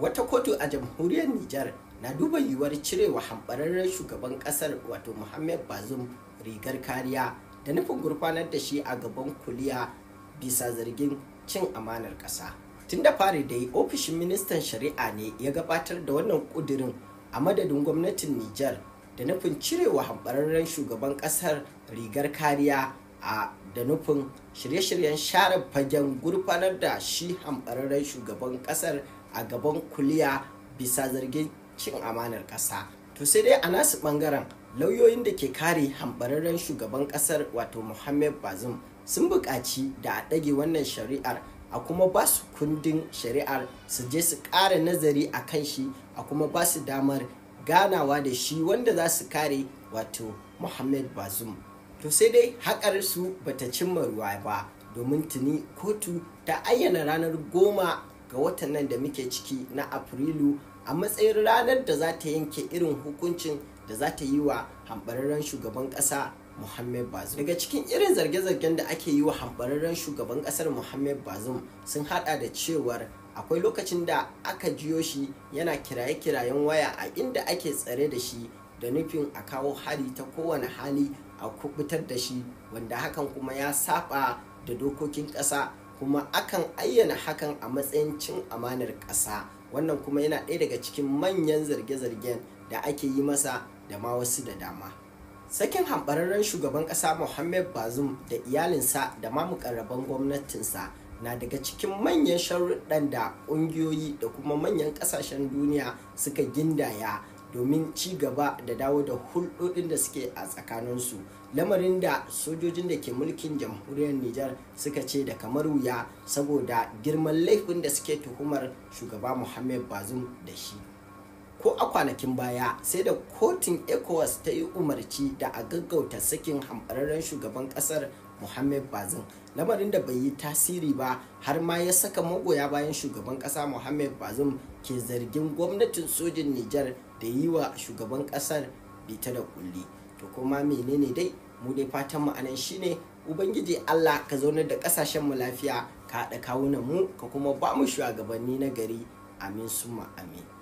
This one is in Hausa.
wata kotu a jamhuriyar Nijar na duba yiwuwar cirewa hambararren shugaban kasar wato Muhammad Bazoum rigar kariya da nufin gurfanar da shi a gaban kuliya bisa zargin cin amanar ƙasa. Tun da fari dai ofishin ministan shari'a ne ya gabatar da wannan ƙudirin a madadin gwamnatin Nijar da nufin cirewa hambararren shugaban ƙasar rigar kariya a da nufin shirye-shiryen share fagen gurfanar da shi hambararren shugaban kasar a gaban kuliya bisa zargin cin amanar kasa to sai dai a nasu bangaren lauyoyin da ke kare hambararren shugaban kasar wato muhammad bazum sun buƙaci da a ɗage wannan shari'ar a kuma ba su kundin shari'ar su je su ƙara nazari a kan shi a kuma ba su damar ganawa da shi wanda za su kare wato muhammad bazum to sai dai haƙar su bata cimma ruwa ba domin tuni kotu ta ayyana ranar goma ga watan nan da muke ciki na afrilu a matsayin ranar da za ta yanke irin hukuncin da za ta yi wa hambararren shugaban ƙasa Muhammad bazum Daga cikin irin zarge-zargen da ake yi wa hambararren shugaban ƙasar Muhammad bazum sun hada da cewar akwai lokacin da aka jiyo shi yana kiraye-kirayen waya a inda ake tsare da shi da nufin a kawo hari ta kowane hali a kubutar da shi wanda hakan kuma ya saba da dokokin ƙasa kuma akan ayyana hakan a matsayin cin amanar ƙasa wannan kuma yana ɗaya daga cikin manyan zarge-zargen da ake yi masa da ma wasu da dama sakin hambararren shugaban ƙasa mohammed bazum da iyalinsa da ma mukarraban gwamnatinsa na daga cikin manyan sharuɗan da ƙungiyoyi da kuma manyan ƙasashen duniya suka gindaya domin ci gaba da dawo da hulɗoɗin da suke a tsakaninsu lamarin da sojojin da ke mulkin jamhuriyar Nijar suka ce da kamar wuya saboda girman laifin da suke tuhumar shugaba Muhammad Bazum da shi. ko a kwanakin baya sai da kotun ecowas ta yi umarci da a gaggauta sakin hambararren shugaban kasar Muhammad Bazin lamarin da bai yi tasiri ba har ma ya saka magoya bayan shugaban kasa Muhammad Bazin ke zargin gwamnatin sojin Nijar da yi wa shugaban kasar bita da kulli to kuma menene dai mu dai fatan mu anan shine ubangiji Allah ka zaunar da kasashen mu lafiya ka haɗa kawunan mu ka kuma ba mu shugabanni na gari amin summa amin